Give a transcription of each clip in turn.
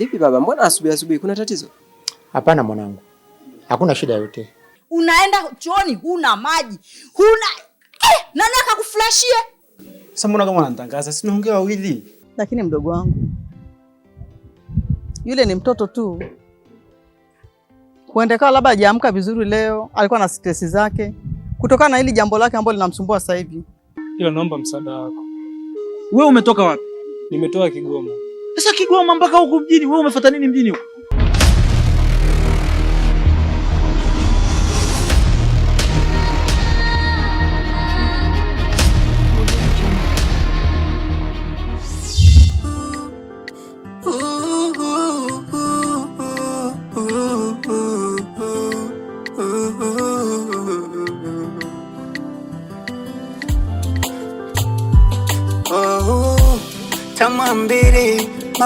Vipi baba, mbona asubuhi asubuhi, kuna tatizo? Hapana mwanangu, hakuna shida yote. Unaenda chooni, huna maji, huna eh, nani akakuflashie? Sasa mbona kama unanitangaza, si naongea wawili? Lakini mdogo wangu yule ni mtoto tu, huendekawa labda hajaamka vizuri leo, alikuwa na stress zake kutokana na hili jambo lake ambalo linamsumbua sasa hivi. Ila naomba msaada wako. Wewe umetoka wapi? Nimetoka Kigoma. Sasa Kigoma mpaka huku mjini, wewe umefuata nini mjini huku?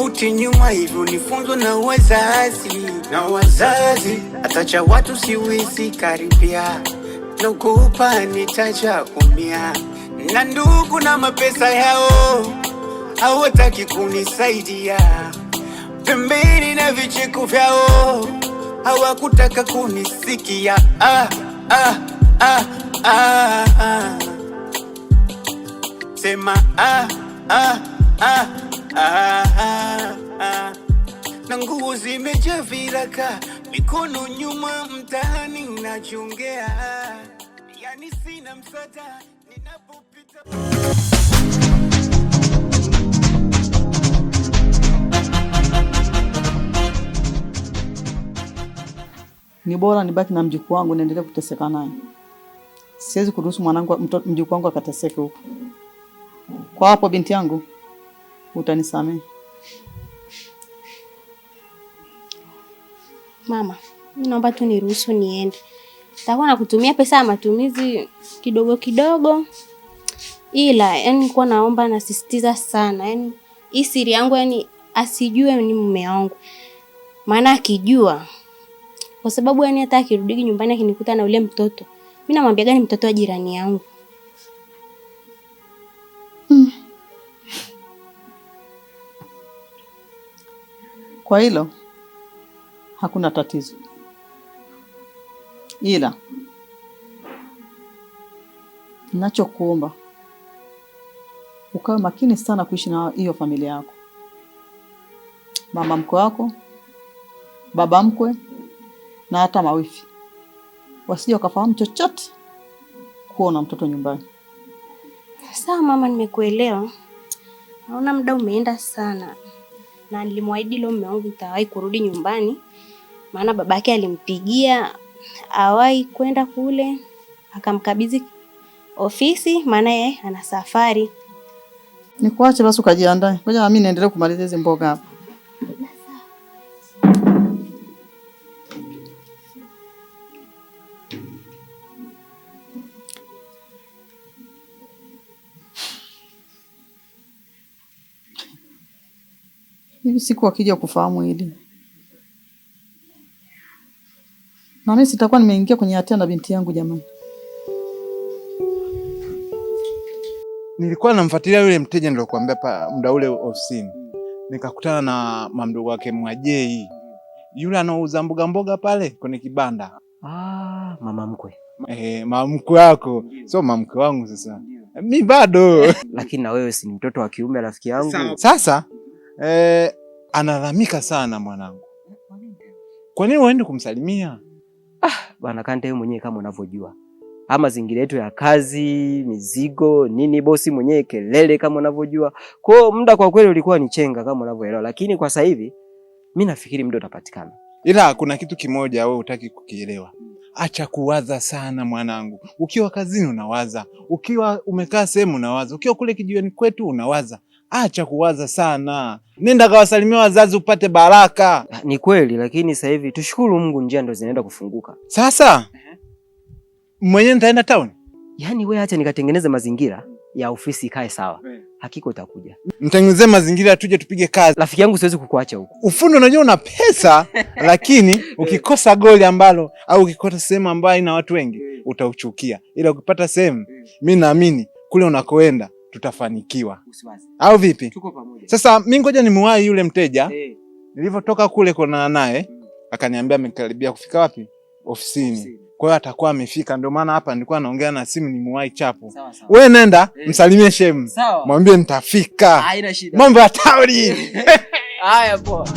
mauti nyuma, hivyo nifunzwe na wazazi na wazazi, atacha watu siwisi karibia, ni tacha umia, na ndugu na mapesa yao hawataki kunisaidia, pembeni na vicheko vyao hawakutaka kunisikia. ah, ah, ah, ah, ah. Sema ah, ah, ah. Na nguo zimeja viraka, mikono nyuma, mtaani nachongea, yani sina msaada ninapopita ni bora nibaki na mjukuu wangu niendelee kuteseka naye. Siwezi kuruhusu mwanangu mjukuu wangu akateseke huko. Kwa hapo binti yangu Utanisamehe mama, naomba tu niruhusu niende. Takuwa nakutumia pesa ya matumizi kidogo kidogo, ila yani kuwa naomba, nasisitiza sana yani hii siri yangu yani asijue ni mume wangu, maana akijua, kwa sababu yani hata akirudi nyumbani akinikuta na ule mtoto, mimi namwambia gani mtoto wa jirani yangu? Kwa hilo hakuna tatizo, ila ninachokuomba ukawe makini sana kuishi na hiyo familia yako, mama mkwe wako, baba mkwe na hata mawifi, wasije wakafahamu chochote kuwa na mtoto nyumbani. Sawa mama, nimekuelewa. Naona muda umeenda sana na nilimwahidi leo mume wangu nitawahi kurudi nyumbani, maana babake alimpigia awahi kwenda kule, akamkabidhi ofisi, maana yeye ana safari. Nikuache basi ukajiandae, ngoja nami niendelee kumaliza hizi mboga hapa. hivi siku akija kufahamu hili, na mimi sitakuwa nimeingia kwenye hatia na binti yangu. Jamani, nilikuwa namfuatilia yule mteja nilokuambia pa muda ule ofisini, nikakutana na mamdogo wake Mwajei yule anauza mboga mboga pale kwenye kibanda. Ah, mama mkwe eh, mama mkwe wako sio mama mkwe wangu. Sasa mi bado lakini na wewe si mtoto wa kiume rafiki yangu. Sasa eh, anadhamika sana mwanangu. Kwa nini waende kumsalimia? Ah, bwana Kante, wewe mwenyewe kama unavyojua ama mazingira yetu ya kazi, mizigo nini, bosi mwenyewe kelele kama unavyojua. Kwa hiyo muda kwa kweli ulikuwa ni chenga kama unavyoelewa, lakini kwa sasa hivi mimi nafikiri muda utapatikana, ila kuna kitu kimoja wewe hutaki kukielewa. Acha kuwaza sana mwanangu. Ukiwa kazini unawaza, ukiwa umekaa sehemu unawaza, ukiwa kule kijiweni kwetu unawaza acha kuwaza sana, nenda kawasalimia wazazi upate baraka. Ah, ni kweli, lakini sasa hivi tushukuru Mungu, njia ndo zinaenda kufunguka sasa. Uh-huh. Mwenyewe nitaenda town. Yaani wewe acha nikatengeneze mazingira ya ofisi ikae sawa. Eh. Hakika utakuja. Mtengenezee mazingira tuje tupige kazi. Rafiki yangu siwezi kukuacha huko. Ufundi unajua una pesa lakini ukikosa goli ambalo au ukikosa sehemu ambayo ina watu wengi eh. utauchukia. Ila ukipata sehemu eh. mimi naamini kule unakoenda tutafanikiwa au vipi? Sasa mi ngoja nimuwahi yule mteja hey. Eh. Nilivyotoka kule kuonana naye hmm. Akaniambia amekaribia kufika wapi? Ofisini, Kwa hiyo atakuwa amefika, ndio maana hapa nilikuwa naongea na simu, ni muwai chapo. We nenda hey. Eh. Msalimie shemu, mwambie nitafika, mambo ya tauri. Haya poa.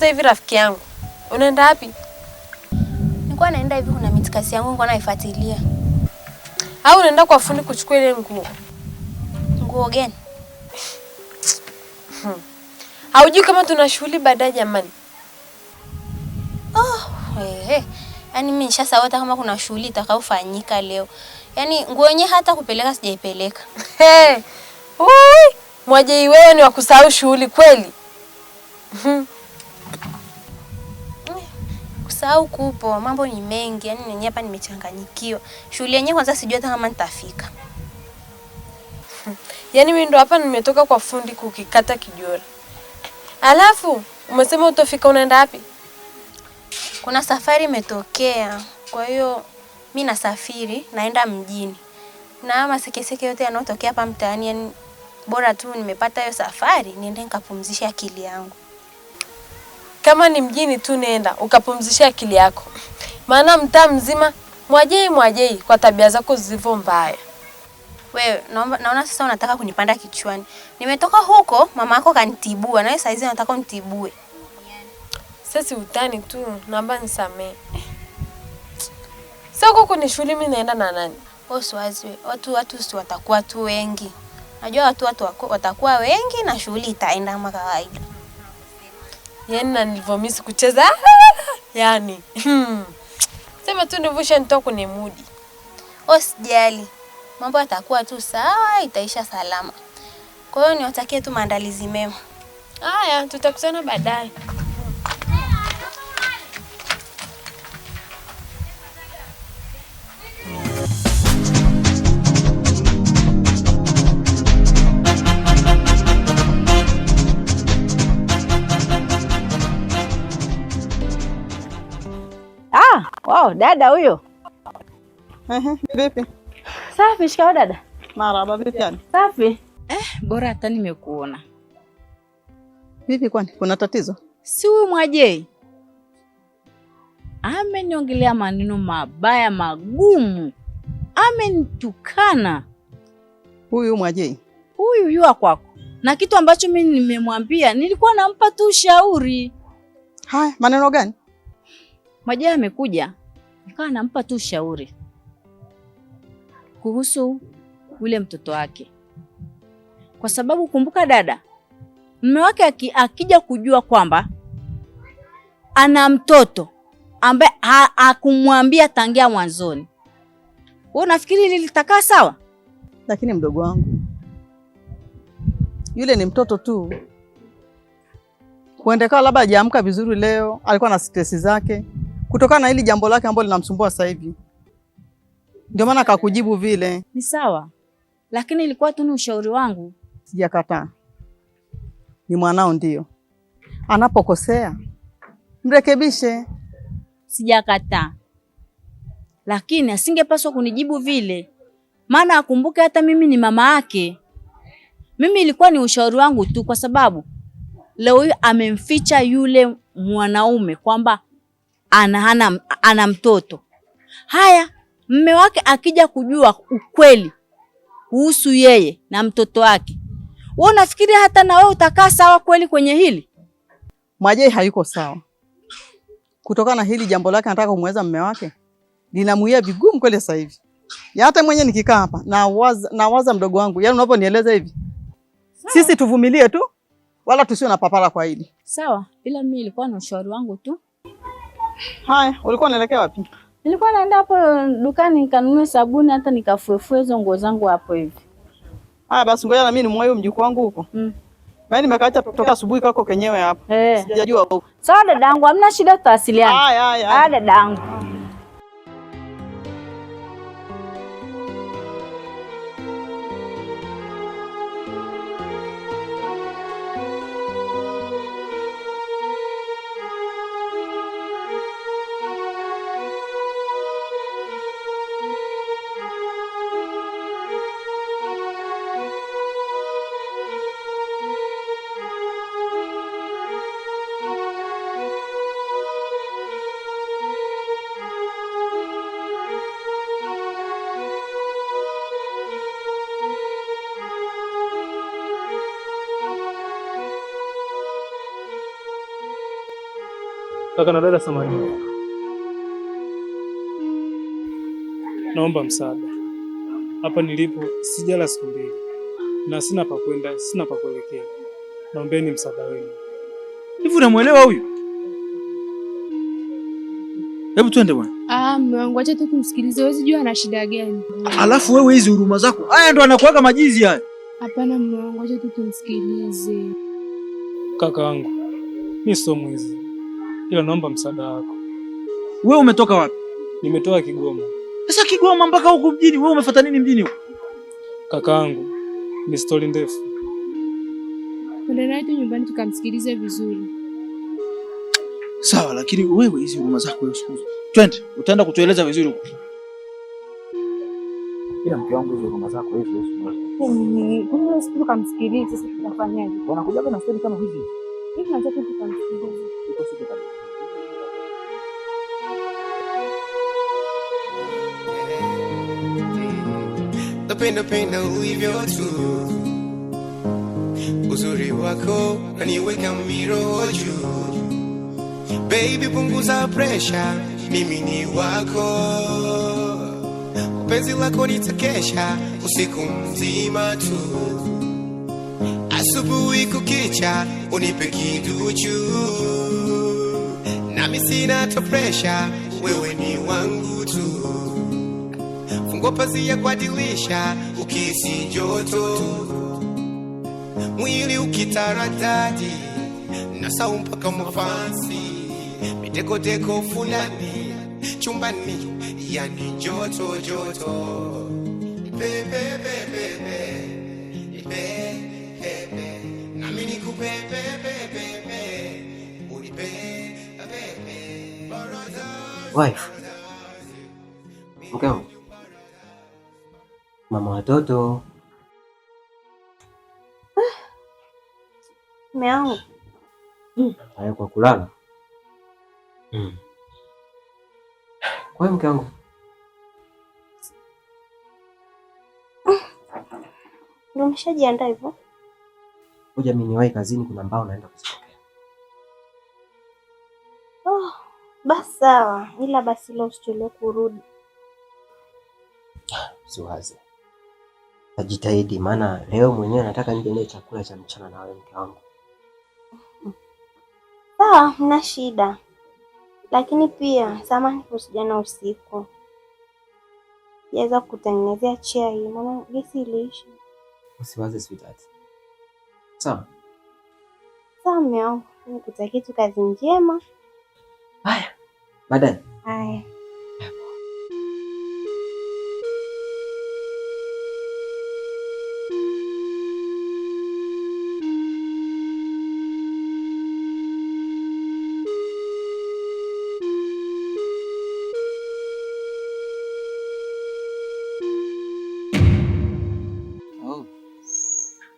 Kwanza hivi rafiki yangu, unaenda wapi? Nilikuwa naenda hivi, kuna mitikasi yangu nilikuwa naifuatilia. Au unaenda kwa fundi kuchukua ile nguo? Nguo gani? Hmm. Haujui kama tuna shughuli baadaye jamani? Oh, eh. Yaani mimi nishasahau hata kama kuna shughuli itakayofanyika leo. Yaani nguo yenyewe hata kupeleka sijaipeleka. Hey. Mwajei wewe ni wakusahau shughuli kweli. Hmm nimesahau kupo, mambo ni mengi, yani nenyewe hapa nimechanganyikiwa. Shughuli yenyewe kwanza sijui hata kama nitafika. Yaani mimi ndo hapa nimetoka kwa fundi kukikata kijora. Alafu umesema utafika, unaenda wapi? Kuna safari imetokea, kwa hiyo mi nasafiri naenda mjini, na masekeseke yote yanayotokea hapa mtaani, yani bora tu nimepata hiyo safari niende nikapumzisha akili yangu. Kama ni mjini tu nenda ukapumzisha akili yako, maana mtaa mzima mwajei mwajei kwa tabia zako zilivyo mbaya. Wewe naomba, naona sasa unataka kunipanda kichwani. Nimetoka huko mama yako kanitibua, nawe saizi nataka unitibue. Sasa utani tu, naomba nisamee. Sasa huko kwenye shule mimi naenda na nani? Usiwazi watu, watu si watakuwa tu wengi. Najua watu watu watakuwa wengi na shughuli itaenda kama kawaida yani na nilivyomisi kucheza yani hmm. sema tu nivushe nitoa kwenye mudi. Usijali, oh, mambo yatakuwa tu sawa, itaisha salama. Kwa hiyo niwatakie tu maandalizi mema. Haya, tutakutana baadaye. Oh, dada huyo. Ehe, vipi? Safi. Shikao dada. Marhaba, vipi yani? Safi. Eh, bora hata nimekuona. Vipi kwani? Kuna tatizo? Si huyu Mwajei ameniongelea maneno mabaya magumu, amenitukana. Huyu Mwajei huyu yuwa kwako, na kitu ambacho mimi nimemwambia, nilikuwa nampa tu ushauri. Haya, maneno gani? Mwajei amekuja nikawa nampa tu ushauri kuhusu ule mtoto wake, kwa sababu kumbuka, dada mume wake akija kujua kwamba ana mtoto ambaye hakumwambia tangia mwanzoni, wewe unafikiri hili litakaa sawa? Lakini mdogo wangu yule ni mtoto tu, huendekana labda hajaamka vizuri leo, alikuwa na stresi zake kutokana na hili jambo lake ambalo linamsumbua sasa hivi, ndio maana akakujibu vile. Ni sawa, lakini ilikuwa tu ni ushauri wangu, sijakataa. Ni mwanao, ndio anapokosea mrekebishe. Sijakataa, lakini asingepaswa kunijibu vile, maana akumbuke hata mimi ni mama yake. Mimi ilikuwa ni ushauri wangu tu, kwa sababu leo amemficha yule mwanaume kwamba ana, ana, ana mtoto. Haya, mme wake akija kujua ukweli kuhusu yeye na mtoto wake, wewe unafikiri hata na wewe utakaa sawa kweli kwenye hili? Mwajei hayuko sawa kutokana na hili jambo lake, anataka kumweza mme wake, linamuia vigumu kweli sasa hivi. Ya hata mwenye nikikaa hapa nawaza, nawaza mdogo wangu, yaani unavyonieleza hivi, sisi tuvumilie tu wala tusio na papara kwa hili. Sawa, ila mimi ilikuwa na ushauri wangu tu Haya, ulikuwa unaelekea wapi? Nilikuwa naenda hapo dukani nikanunue sabuni hata nikafuefue hizo nguo zangu hapo hivi. Haya basi ngoja na mimi nimwae huyo mjukuu wangu huko. Mm. Mimi nimekaacha kutoka asubuhi kwako kenyewe hapo. Hey. Eh. Sijajua huko. Sawa dadangu, hamna shida tutawasiliana. Haya haya. Haya dadangu. Kaka na dada, samahani, naomba msaada. Hapa nilipo sijala siku mbili na sina pa kwenda, sina pa kuelekea. Naombeni msaada wenu. Hivi unamwelewa huyu? Hebu twende bwana. Ah, mume wangu acha tu kumsikilize, huwezi jua ana shida gani. Alafu wewe hizi huruma zako, haya ndo anakuaga majizi haya. Hapana mume wangu, acha tu tumsikilize. Kaka wangu, mimi sio mwizi ila naomba msaada wako. Wewe umetoka wapi? Nimetoka Kigoma. Sasa Kigoma mpaka huku mjini, wewe umefuata nini mjini huko? Kakaangu, ni stori ndefu. Tunaenda nyumbani tukamsikilize vizuri. Sawa, lakini wewe hizi huruma zako wewe siku. Twende, utaenda kutueleza vizuri huko. Ila mke wangu hizo huruma zako hizo leo siku. Eh, Kumbe siku tukamsikilize sasa tunafanyaje? Wanakuja na stori kama hizi. Hivi nataka tukamsikilize. napenda penda ulivyo tu, uzuri wako naniweka miroho juu. Baby, punguza presha, mimi ni wako, penzi lako nitakesha usiku mzima tu, asubuhi kukicha unipe kiduchu, nami sina ta presha, wewe ni wangu tu. Fungo pazia kwa dirisha, ukisi joto, mwili ukitaradadi na sau mpaka mafansi, mitekoteko fulani chumbani, yani joto joto, pepe pepe pepe, nami nikupe wife mkeo mama watoto. Mume wangu hmm. haya kwa kulala. Hmm. Kwa hiyo mke wangu ndio umeshajiandaa hivyo? Ngoja mimi niwahi kazini, kuna mbao naenda kuzipokea. Oh, basi sawa, ila basi leo usichelewe kurudi. Ah, Siwaze najitahidi, maana leo mwenyewe nataka nile chakula cha mchana na wewe mke wangu. Sawa, mna shida, lakini pia samahani kusijana usiku jaweza kutengenezea chai, maana gesi iliisha. Usiwaze sweetheart. Sawa sawa, mme wangu, nikutakia tu kazi njema. Haya, baadaye. Haya.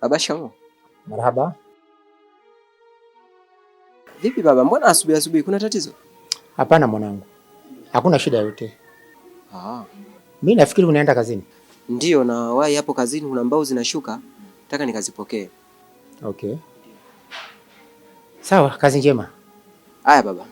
Baba Shamu. Marhaba. Vipi baba, mbona asubuhi asubuhi, kuna tatizo? Hapana mwanangu, hakuna shida yote. Ah. Mimi nafikiri unaenda kazini. Ndiyo, na wahi hapo kazini, kuna mbao zinashuka, nataka nikazipokee. Okay. Sawa, kazi njema. Haya baba.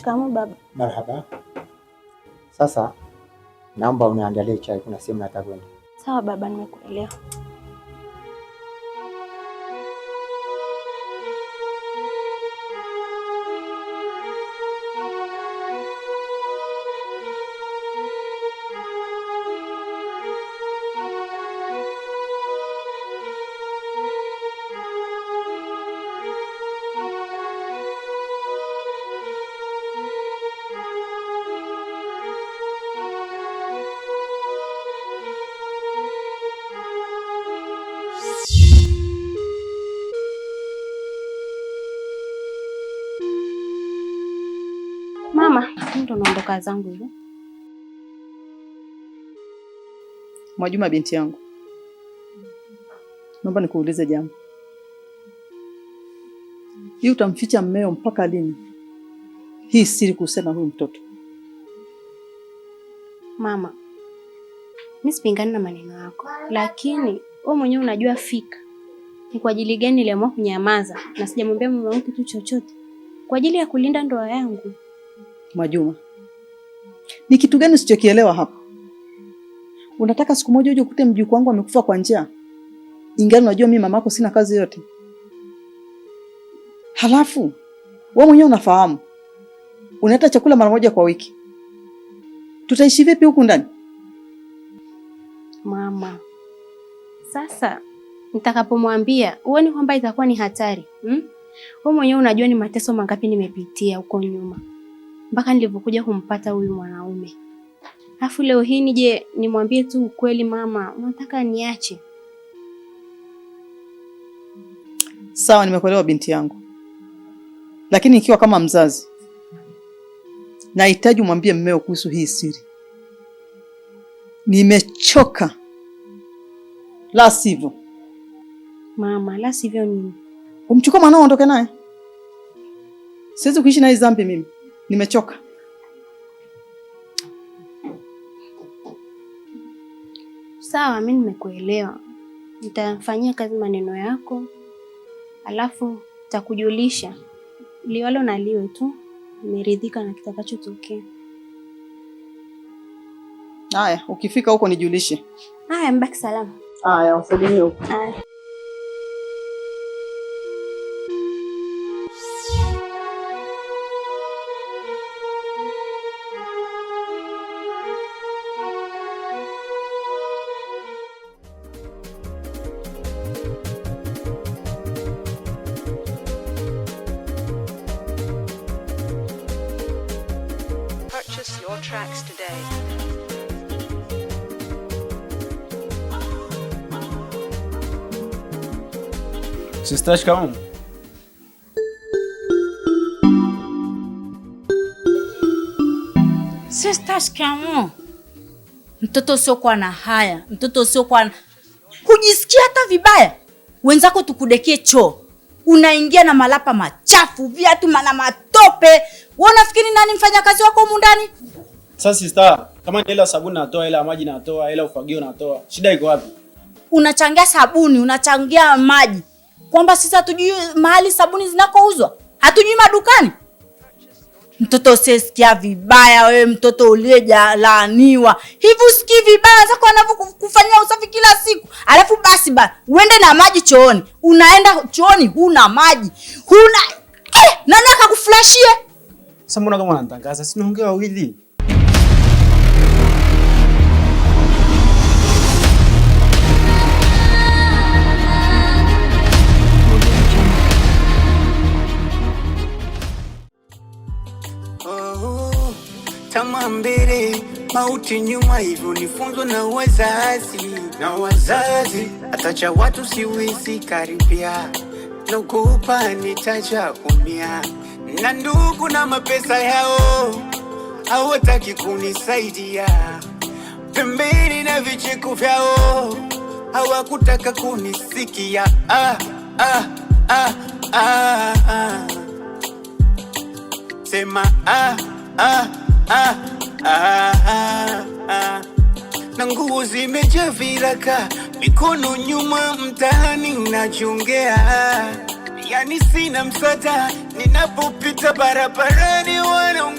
Shikamoo baba. Marhaba. Sasa naomba uniandalie chai, kuna sehemu nataka kwenda. Sawa baba, nimekuelewa. kaa zangu hivi. Mwajuma, binti yangu, naomba nikuulize jambo. Hii utamficha mmeo mpaka lini hii siri kuhusiana na huyu mtoto? Mama, mi sipingani na maneno yako, lakini wewe mwenyewe unajua fika ni kwa ajili gani niliamua kunyamaza na sijamwambia mama wangu kitu chochote kwa ajili ya kulinda ndoa yangu. Mwajuma, ni kitu gani usichokielewa hapa? Unataka siku moja uje ukute mjukuu wangu amekufa kwa njaa, ingawa unajua mimi mamako sina kazi yote? Halafu wewe mwenyewe unafahamu unaleta chakula mara moja kwa wiki, tutaishi vipi huku ndani? Mama, sasa nitakapomwambia uone kwamba itakuwa ni hatari hmm? mwenyewe unajua ni mateso mangapi nimepitia huko nyuma mpaka nilivyokuja kumpata huyu mwanaume. Alafu leo hii nije nimwambie tu ukweli, mama, unataka niache? Sawa, nimekuelewa binti yangu, lakini ikiwa kama mzazi nahitaji umwambie mmeo kuhusu hii siri. Nimechoka, la sivyo. Mama, la sivyo nini? Umchukua mwanao ondoke naye. Siwezi kuishi na hii dhambi mimi. Nimechoka. Sawa, mi nimekuelewa. Nitafanyia kazi maneno yako, alafu takujulisha liwalo na liwe tu. Nimeridhika na kitakachotokea. Haya, ukifika huko nijulishe. Haya, mbaki salama. Haya, wasalimie huko. Haya. purchase your tracks today. Sistash Kaum. Sistash Kaum. Mtoto usiokuwa na haya, mtoto usiokuwa na kujisikia hata vibaya. Wenzako tukudekie choo, unaingia na malapa machafu, viatu mana matu tope. Wewe unafikiri nani mfanyakazi wako humu ndani? Sasa sister, kama ni hela sabuni natoa, hela maji natoa, hela ufagio natoa. Shida iko wapi? Unachangia sabuni, unachangia maji. Kwamba sisi hatujui mahali sabuni zinakouzwa? Hatujui madukani? Mtoto usisikia vibaya wewe, mtoto uliyelaaniwa hivi, usikii vibaya zako wanavyokufanyia usafi kila siku, alafu basi ba uende na maji chooni. Unaenda chooni huna maji, huna Eh, nani akakuflashie? Sasa mbona kama unatangaza? Si naongea wawili. Tamaa mauti nyuma, hivyo nifunzwa na wazazi na wazazi, atacha watu siwezi karibia Nikupa nitaja umia na ndugu na mapesa yao hawataki kunisaidia, pembeni na vicheko vyao hawakutaka kunisikia. Ah, ah, ah, ah, ah. Sema ah, ah, ah, ah, ah. ah na nguo zimeja viraka, mikono nyuma, mtaani nachungea, Yani sina msata, ninapopita barabarani wana